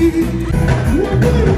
Thank you.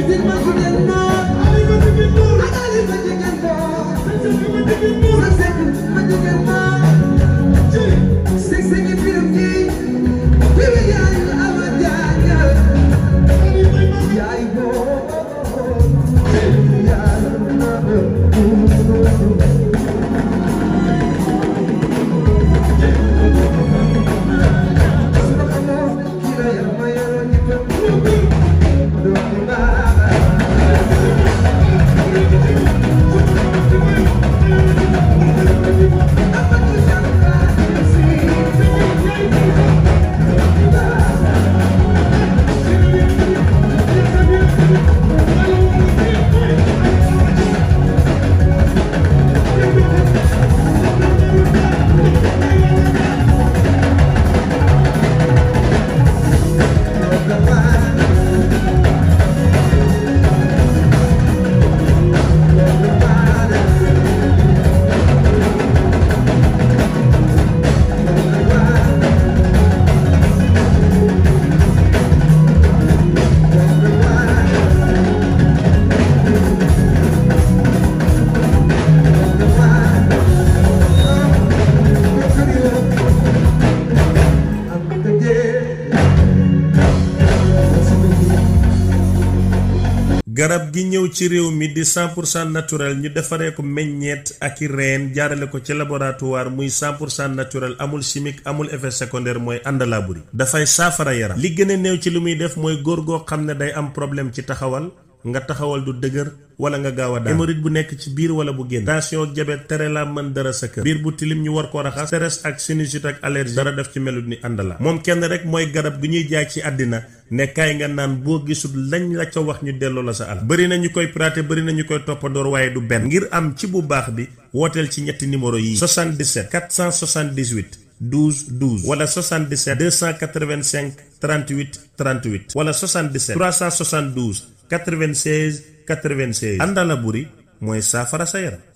Bitirme şu garab gi ñëw ci réew mi di 100 pour cent naturel ñu defaree ko meññeet ak i reen jaarale ko ci laboratoire muy 100 pour cent naturel amul chimique amul effet secondaire mooy àndalaaburi dafay saafara yaram li gën a néew ci li muy def mooy góor goo xam ne day am problème ci taxawal nga taxawal du dëgër wala nga gaaw a daan hémorroïde bu nekk ci biir wala bu génn tension ak tere la mën dara sa kër biir bu tilim ñu war ko raxas stress ak sinusite ak allergie dara def ci melut ni ànd la moom kenn rek mooy garab gi ñuy jaay ci àddina ne kaay nga naan boo gisul lañ la ca wax ñu delloo la sa àll bëri na ñu koy praté bari na ñu koy toppandoor waaye du benn ngir am ci bu baax bi wooteel ci ñetti numéro yi 77 478 12 wala 77 285 38 38 wala 96 96. àndala buri mooy saafara sa yaram.